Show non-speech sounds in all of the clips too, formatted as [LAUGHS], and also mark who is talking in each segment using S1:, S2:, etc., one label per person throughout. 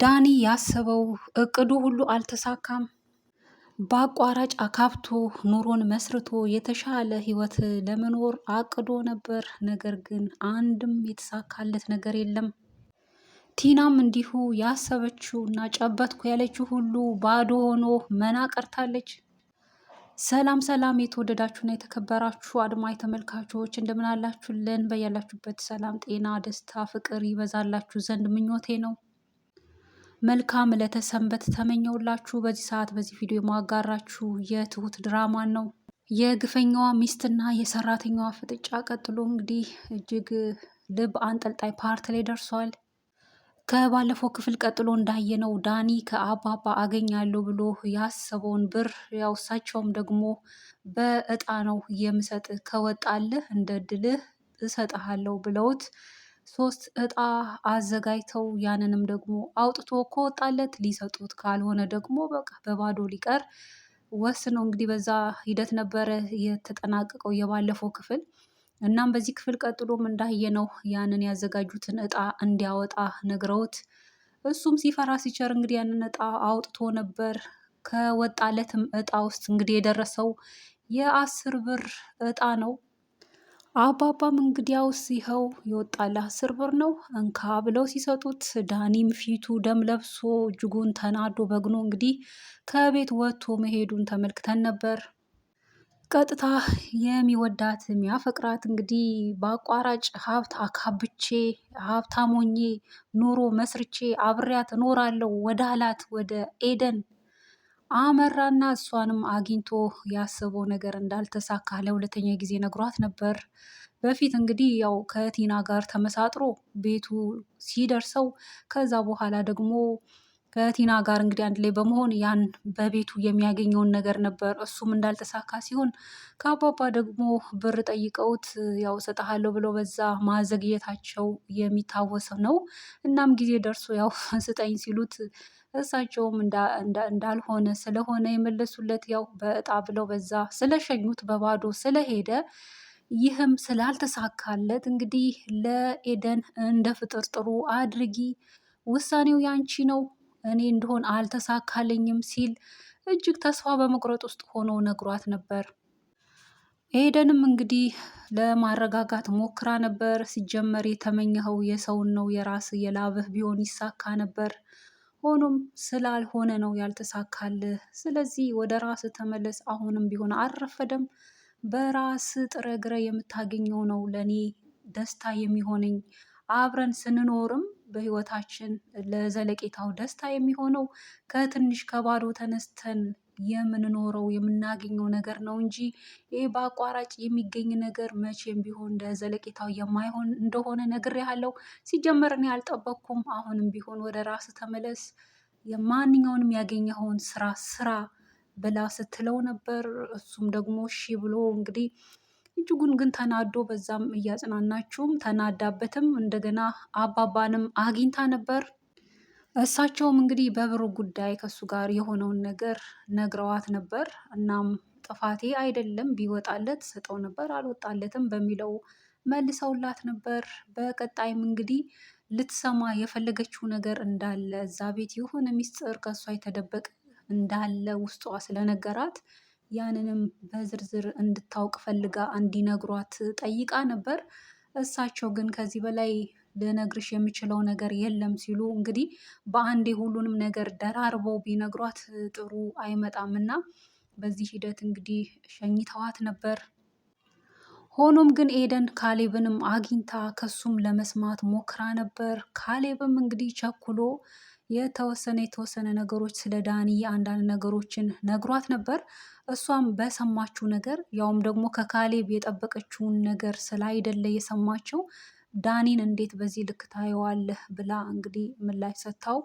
S1: ዳኒ ያሰበው እቅዱ ሁሉ አልተሳካም። በአቋራጭ አካብቶ ኑሮን መስርቶ የተሻለ ህይወት ለመኖር አቅዶ ነበር። ነገር ግን አንድም የተሳካለት ነገር የለም። ቲናም እንዲሁ ያሰበችው እና ጨበትኩ ያለችው ሁሉ ባዶ ሆኖ መና ቀርታለች። ሰላም ሰላም! የተወደዳችሁና የተከበራችሁ አድማጭ ተመልካቾች እንደምን አላችሁልን? በያላችሁበት ሰላም፣ ጤና፣ ደስታ፣ ፍቅር ይበዛላችሁ ዘንድ ምኞቴ ነው። መልካም ለተሰንበት ተመኘውላችሁ። በዚህ ሰዓት በዚህ ቪዲዮ የማጋራችሁ የትሁት ድራማን ነው። የግፈኛዋ ሚስትና የሰራተኛዋ ፍጥጫ ቀጥሎ እንግዲህ እጅግ ልብ አንጠልጣይ ፓርት ላይ ደርሷል። ከባለፈው ክፍል ቀጥሎ እንዳየነው ዳኒ ከአባባ አገኛለሁ ብሎ ያሰበውን ብር ያው እሳቸውም ደግሞ በእጣ ነው የምሰጥ ከወጣልህ እንደ ድልህ እሰጥሃለሁ ብለውት ሶስት እጣ አዘጋጅተው ያንንም ደግሞ አውጥቶ ከወጣለት ሊሰጡት ካልሆነ ደግሞ በቃ በባዶ ሊቀር ወስነው እንግዲህ በዛ ሂደት ነበረ የተጠናቀቀው የባለፈው ክፍል። እናም በዚህ ክፍል ቀጥሎም እንዳየነው ያንን ያዘጋጁትን እጣ እንዲያወጣ ነግረውት እሱም ሲፈራ ሲቸር እንግዲህ ያንን እጣ አውጥቶ ነበር። ከወጣለትም እጣ ውስጥ እንግዲህ የደረሰው የአስር ብር እጣ ነው። አባባም እንግዲያው ይኸው የወጣልህ አስር ብር ነው እንካ ብለው ሲሰጡት ዳኒም ፊቱ ደም ለብሶ እጅጉን ተናዶ በግኖ እንግዲህ ከቤት ወጥቶ መሄዱን ተመልክተን ነበር። ቀጥታ የሚወዳት የሚያፈቅራት እንግዲህ በአቋራጭ ሀብት አካብቼ ሀብታሞኜ ኑሮ መስርቼ አብሬያት እኖራለሁ ወደ አላት ወደ ኤደን አመራና እሷንም አግኝቶ ያሰበው ነገር እንዳልተሳካ ለሁለተኛ ጊዜ ነግሯት ነበር። በፊት እንግዲህ ያው ከቲና ጋር ተመሳጥሮ ቤቱ ሲደርሰው ከዛ በኋላ ደግሞ ከቲና ጋር እንግዲህ አንድ ላይ በመሆን ያን በቤቱ የሚያገኘውን ነገር ነበር። እሱም እንዳልተሳካ ሲሆን ከአባባ ደግሞ ብር ጠይቀውት ያው እሰጥሃለሁ ብለው በዛ ማዘግየታቸው የሚታወስ ነው። እናም ጊዜ ደርሶ ያው [LAUGHS] ስጠኝ ሲሉት እሳቸውም እንዳልሆነ ስለሆነ የመለሱለት ያው በእጣ ብለው በዛ ስለሸኙት በባዶ ስለሄደ ይህም ስላልተሳካለት እንግዲህ ለኤደን እንደ ፍጥር ጥሩ አድርጊ፣ ውሳኔው ያንቺ ነው እኔ እንደሆን አልተሳካልኝም ሲል እጅግ ተስፋ በመቁረጥ ውስጥ ሆኖ ነግሯት ነበር። ኤደንም እንግዲህ ለማረጋጋት ሞክራ ነበር። ሲጀመር የተመኘኸው የሰውን ነው የራስ የላብህ ቢሆን ይሳካ ነበር ሆኖም ስላልሆነ ነው ያልተሳካልህ። ስለዚህ ወደ ራስ ተመለስ። አሁንም ቢሆን አረፈደም በራስ ጥረግረ የምታገኘው ነው ለእኔ ደስታ የሚሆነኝ አብረን ስንኖርም በህይወታችን ለዘለቄታው ደስታ የሚሆነው ከትንሽ ከባዶ ተነስተን የምንኖረው የምናገኘው ነገር ነው እንጂ ይህ በአቋራጭ የሚገኝ ነገር መቼም ቢሆን ለዘለቄታው የማይሆን እንደሆነ ነግሬሃለሁ። ሲጀመር እኔ አልጠበቅኩም። አሁንም ቢሆን ወደ ራስ ተመለስ፣ የማንኛውንም ያገኘኸውን ስራ ስራ ብላ ስትለው ነበር። እሱም ደግሞ እሺ ብሎ እንግዲህ እጅጉን ግን ተናዶ በዛም እያጽናናችውም ተናዳበትም እንደገና አባባንም አግኝታ ነበር። እሳቸውም እንግዲህ በብሩ ጉዳይ ከሱ ጋር የሆነውን ነገር ነግረዋት ነበር። እናም ጥፋቴ አይደለም ቢወጣለት ሰጠው ነበር አልወጣለትም በሚለው መልሰውላት ነበር። በቀጣይም እንግዲህ ልትሰማ የፈለገችው ነገር እንዳለ እዛ ቤት የሆነ ሚስጥር ከእሷ የተደበቀ እንዳለ ውስጧ ስለነገራት ያንንም በዝርዝር እንድታውቅ ፈልጋ እንዲነግሯት ጠይቃ ነበር። እሳቸው ግን ከዚህ በላይ ልነግርሽ የምችለው ነገር የለም ሲሉ እንግዲህ በአንዴ ሁሉንም ነገር ደራርበው ቢነግሯት ጥሩ አይመጣም እና በዚህ ሂደት እንግዲህ ሸኝተዋት ነበር። ሆኖም ግን ኤደን ካሌብንም አግኝታ ከሱም ለመስማት ሞክራ ነበር። ካሌብም እንግዲህ ቸኩሎ የተወሰነ የተወሰነ ነገሮች ስለ ዳኒ አንዳንድ ነገሮችን ነግሯት ነበር። እሷም በሰማችው ነገር ያውም ደግሞ ከካሌብ የጠበቀችውን ነገር ስላይደለ የሰማችው ዳኒን እንዴት በዚህ ልክ ታየዋለህ ብላ እንግዲህ ምላሽ ሰጥታው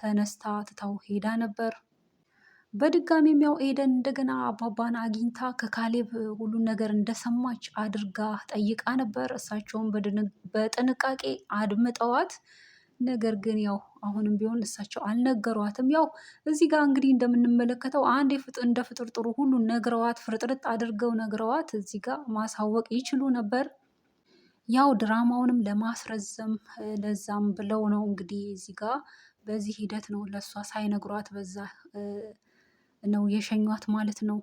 S1: ተነስታ ትታው ሄዳ ነበር። በድጋሚ የሚያው ኤደን እንደገና አባባን አግኝታ ከካሌብ ሁሉን ነገር እንደሰማች አድርጋ ጠይቃ ነበር። እሳቸውም በጥንቃቄ አድምጠዋት ነገር ግን ያው አሁንም ቢሆን እሳቸው አልነገሯትም። ያው እዚህ ጋር እንግዲህ እንደምንመለከተው አንድ እንደ ጥሩ ሁሉ ነግረዋት ፍርጥርጥ አድርገው ነግረዋት እዚህ ጋር ማሳወቅ ይችሉ ነበር። ያው ድራማውንም ለማስረዘም ለዛም ብለው ነው እንግዲህ እዚህ ጋር በዚህ ሂደት ነው ለእሷ ሳይነግሯት በዛ ነው የሸኟት ማለት ነው።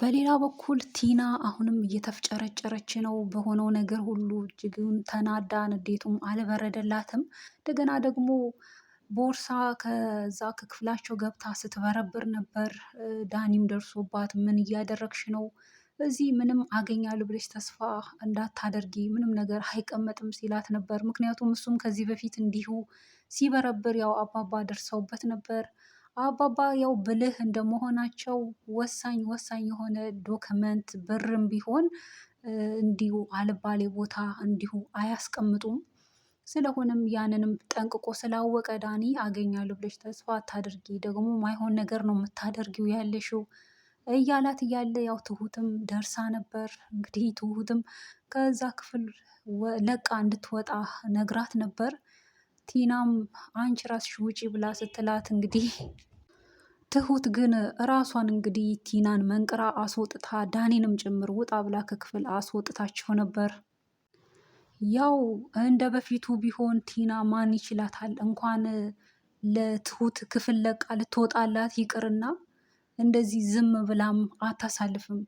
S1: በሌላ በኩል ቲና አሁንም እየተፍጨረጨረች ነው። በሆነው ነገር ሁሉ እጅግን ተናዳ ንዴቱም አልበረደላትም። እንደገና ደግሞ ቦርሳ ከዛ ከክፍላቸው ገብታ ስትበረብር ነበር። ዳኒም ደርሶባት ምን እያደረግሽ ነው? እዚህ ምንም አገኛሉ ብለሽ ተስፋ እንዳታደርጊ ምንም ነገር አይቀመጥም ሲላት ነበር። ምክንያቱም እሱም ከዚህ በፊት እንዲሁ ሲበረብር ያው አባባ ደርሰውበት ነበር። አባባ ያው ብልህ እንደመሆናቸው ወሳኝ ወሳኝ የሆነ ዶክመንት ብርም ቢሆን እንዲሁ አልባሌ ቦታ እንዲሁ አያስቀምጡም። ስለሆነም ያንንም ጠንቅቆ ስላወቀ ዳኒ አገኛሉ ብለሽ ተስፋ አታድርጊ፣ ደግሞ ማይሆን ነገር ነው የምታደርጊው ያለሽው እያላት እያለ ያው ትሁትም ደርሳ ነበር። እንግዲህ ትሁትም ከዛ ክፍል ለቃ እንድትወጣ ነግራት ነበር። ቲናም አንቺ ራስሽ ውጪ ብላ ስትላት እንግዲህ ትሁት ግን ራሷን እንግዲህ ቲናን መንቅራ አስወጥታ ዳኔንም ጭምር ውጣ ብላ ከክፍል አስወጥታቸው ነበር። ያው እንደ በፊቱ ቢሆን ቲና ማን ይችላታል? እንኳን ለትሁት ክፍል ለቃ ልትወጣላት ይቅርና እንደዚህ ዝም ብላም አታሳልፍም።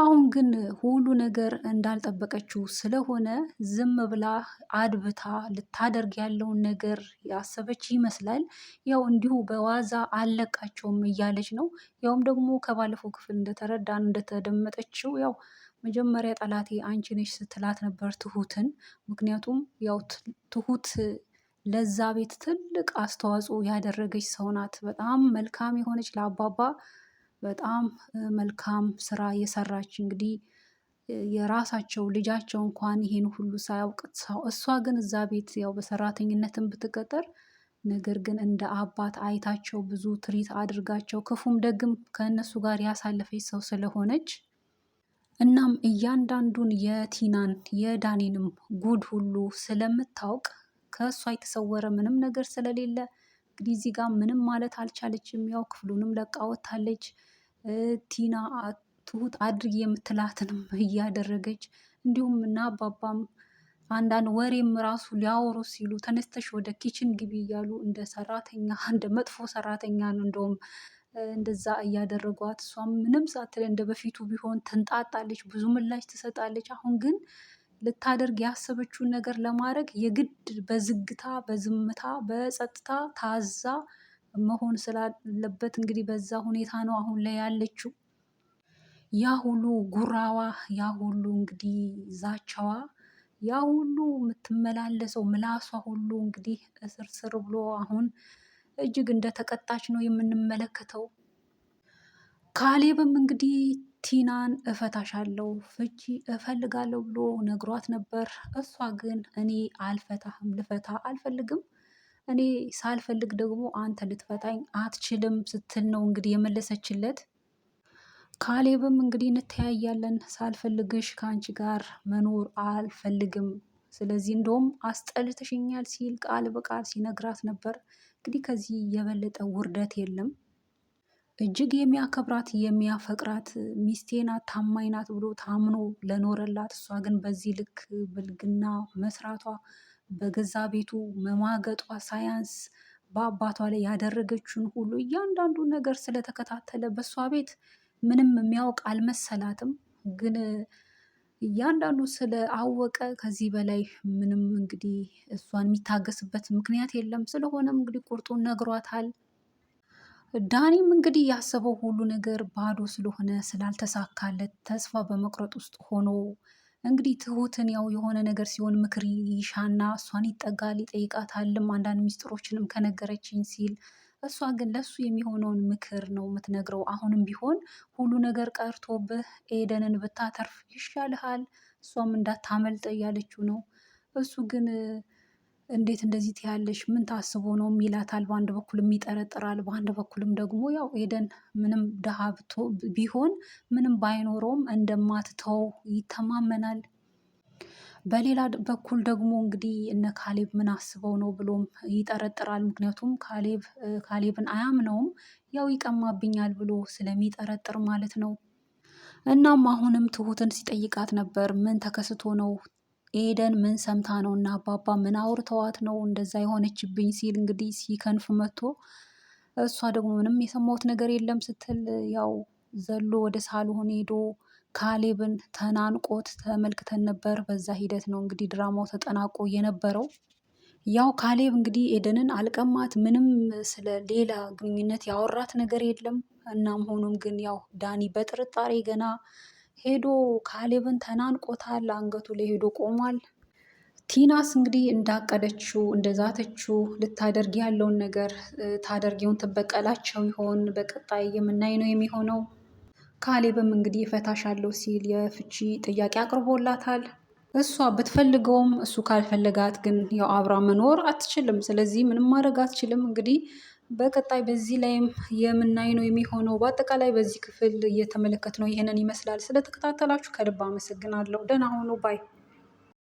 S1: አሁን ግን ሁሉ ነገር እንዳልጠበቀችው ስለሆነ ዝም ብላ አድብታ ልታደርግ ያለውን ነገር ያሰበች ይመስላል። ያው እንዲሁ በዋዛ አለቃቸውም እያለች ነው። ያውም ደግሞ ከባለፈው ክፍል እንደተረዳን እንደተደመጠችው ያው መጀመሪያ ጠላቴ አንቺ ነሽ ስትላት ነበር ትሁትን። ምክንያቱም ያው ትሁት ለዛ ቤት ትልቅ አስተዋጽኦ ያደረገች ሰው ናት። በጣም መልካም የሆነች ለአባባ በጣም መልካም ስራ የሰራች እንግዲህ የራሳቸው ልጃቸው እንኳን ይሄን ሁሉ ሳያውቅ እሷ ግን እዛ ቤት ያው በሰራተኝነትም ብትቀጠር ነገር ግን እንደ አባት አይታቸው ብዙ ትሪት አድርጋቸው ክፉም ደግም ከእነሱ ጋር ያሳለፈች ሰው ስለሆነች እናም እያንዳንዱን የቲናን የዳኒንም ጉድ ሁሉ ስለምታውቅ ከእሷ የተሰወረ ምንም ነገር ስለሌለ እንግዲህ እዚህ ጋር ምንም ማለት አልቻለችም። ያው ክፍሉንም ለቃ ወታለች። ቲና ትሁት አድርጊ የምትላትንም እያደረገች እንዲሁም እና አባባም አንዳንድ ወሬም ራሱ ሊያወሩ ሲሉ ተነስተሽ ወደ ኪችን ግቢ እያሉ እንደ ሰራተኛ እንደ መጥፎ ሰራተኛ ነው እንደውም እንደዛ እያደረጓት እሷም ምንም ሳትል እንደ በፊቱ ቢሆን ትንጣጣለች፣ ብዙ ምላሽ ትሰጣለች። አሁን ግን ልታደርግ ያሰበችውን ነገር ለማድረግ የግድ በዝግታ በዝምታ በጸጥታ ታዛ መሆን ስላለበት እንግዲህ በዛ ሁኔታ ነው አሁን ላይ ያለችው። ያ ሁሉ ጉራዋ፣ ያ ሁሉ እንግዲህ ዛቻዋ፣ ያ ሁሉ የምትመላለሰው ምላሷ ሁሉ እንግዲህ እስርስር ብሎ አሁን እጅግ እንደተቀጣች ነው የምንመለከተው። ካሌብም እንግዲህ ቲናን እፈታሻለሁ ፍቺ እፈልጋለሁ ብሎ ነግሯት ነበር። እሷ ግን እኔ አልፈታህም፣ ልፈታ አልፈልግም፣ እኔ ሳልፈልግ ደግሞ አንተ ልትፈታኝ አትችልም ስትል ነው እንግዲህ የመለሰችለት። ካሌብም እንግዲህ እንተያያለን፣ ሳልፈልግሽ ከአንቺ ጋር መኖር አልፈልግም፣ ስለዚህ እንደውም አስጠልተሽኛል ሲል ቃል በቃል ሲነግራት ነበር። እንግዲህ ከዚህ የበለጠ ውርደት የለም። እጅግ የሚያከብራት የሚያፈቅራት ሚስቴ ናት ታማኝ ናት ብሎ ታምኖ ለኖረላት እሷ ግን በዚህ ልክ ብልግና መስራቷ በገዛ ቤቱ መማገጧ ሳያንስ በአባቷ ላይ ያደረገችውን ሁሉ እያንዳንዱ ነገር ስለተከታተለ በእሷ ቤት ምንም የሚያውቅ አልመሰላትም። ግን እያንዳንዱ ስለአወቀ ከዚህ በላይ ምንም እንግዲህ እሷን የሚታገስበት ምክንያት የለም። ስለሆነም እንግዲህ ቁርጡን ነግሯታል። ዳኒም እንግዲህ ያሰበው ሁሉ ነገር ባዶ ስለሆነ ስላልተሳካለት ተስፋ በመቁረጥ ውስጥ ሆኖ እንግዲህ ትሁትን ያው የሆነ ነገር ሲሆን ምክር ይሻና እሷን ይጠጋል፣ ይጠይቃታልም አንዳንድ ሚስጥሮችንም ከነገረችኝ ሲል እሷ ግን ለሱ የሚሆነውን ምክር ነው የምትነግረው። አሁንም ቢሆን ሁሉ ነገር ቀርቶብህ ኤደንን ብታተርፍ ይሻልሃል፣ እሷም እንዳታመልጥ እያለችው ነው። እሱ ግን እንዴት እንደዚህ ትያለሽ? ምን ታስቦ ነው የሚላታል። በአንድ በኩልም ይጠረጥራል፣ በአንድ በኩልም ደግሞ ያው ኤደን ምንም ድሃ ቢሆን ምንም ባይኖረውም እንደማትተው ይተማመናል። በሌላ በኩል ደግሞ እንግዲህ እነ ካሌብ ምን አስበው ነው ብሎም ይጠረጥራል። ምክንያቱም ካሌብ ካሌብን አያምነውም ያው ይቀማብኛል ብሎ ስለሚጠረጥር ማለት ነው። እናም አሁንም ትሁትን ሲጠይቃት ነበር ምን ተከስቶ ነው ኤደን ምን ሰምታ ነው እና አባባ ምን አውርተዋት ነው እንደዛ የሆነችብኝ ሲል እንግዲህ ሲከንፍ መቶ እሷ ደግሞ ምንም የሰማሁት ነገር የለም ስትል ያው ዘሎ ወደ ሳሎን ሄዶ ካሌብን ተናንቆት ተመልክተን ነበር። በዛ ሂደት ነው እንግዲህ ድራማው ተጠናቆ የነበረው። ያው ካሌብ እንግዲህ ኤደንን አልቀማት፣ ምንም ስለ ሌላ ግንኙነት ያወራት ነገር የለም። እናም ሆኖም ግን ያው ዳኒ በጥርጣሬ ገና ሄዶ ካሌብን ተናንቆታል። አንገቱ ላይ ሄዶ ቆሟል። ቲናስ እንግዲህ እንዳቀደችው እንደዛተችው ልታደርግ ያለውን ነገር ታደርጊውን ትበቀላቸው ይሆን? በቀጣይ የምናይ ነው የሚሆነው። ካሌብም እንግዲህ እፈታሻለሁ ሲል የፍቺ ጥያቄ አቅርቦላታል። እሷ ብትፈልገውም እሱ ካልፈለጋት ግን ያው አብራ መኖር አትችልም። ስለዚህ ምንም ማድረግ አትችልም እንግዲህ በቀጣይ በዚህ ላይም የምናይ ነው የሚሆነው። በአጠቃላይ በዚህ ክፍል እየተመለከት ነው ይህንን ይመስላል። ስለተከታተላችሁ ከልብ አመሰግናለሁ። ደህና ሁኑ ባይ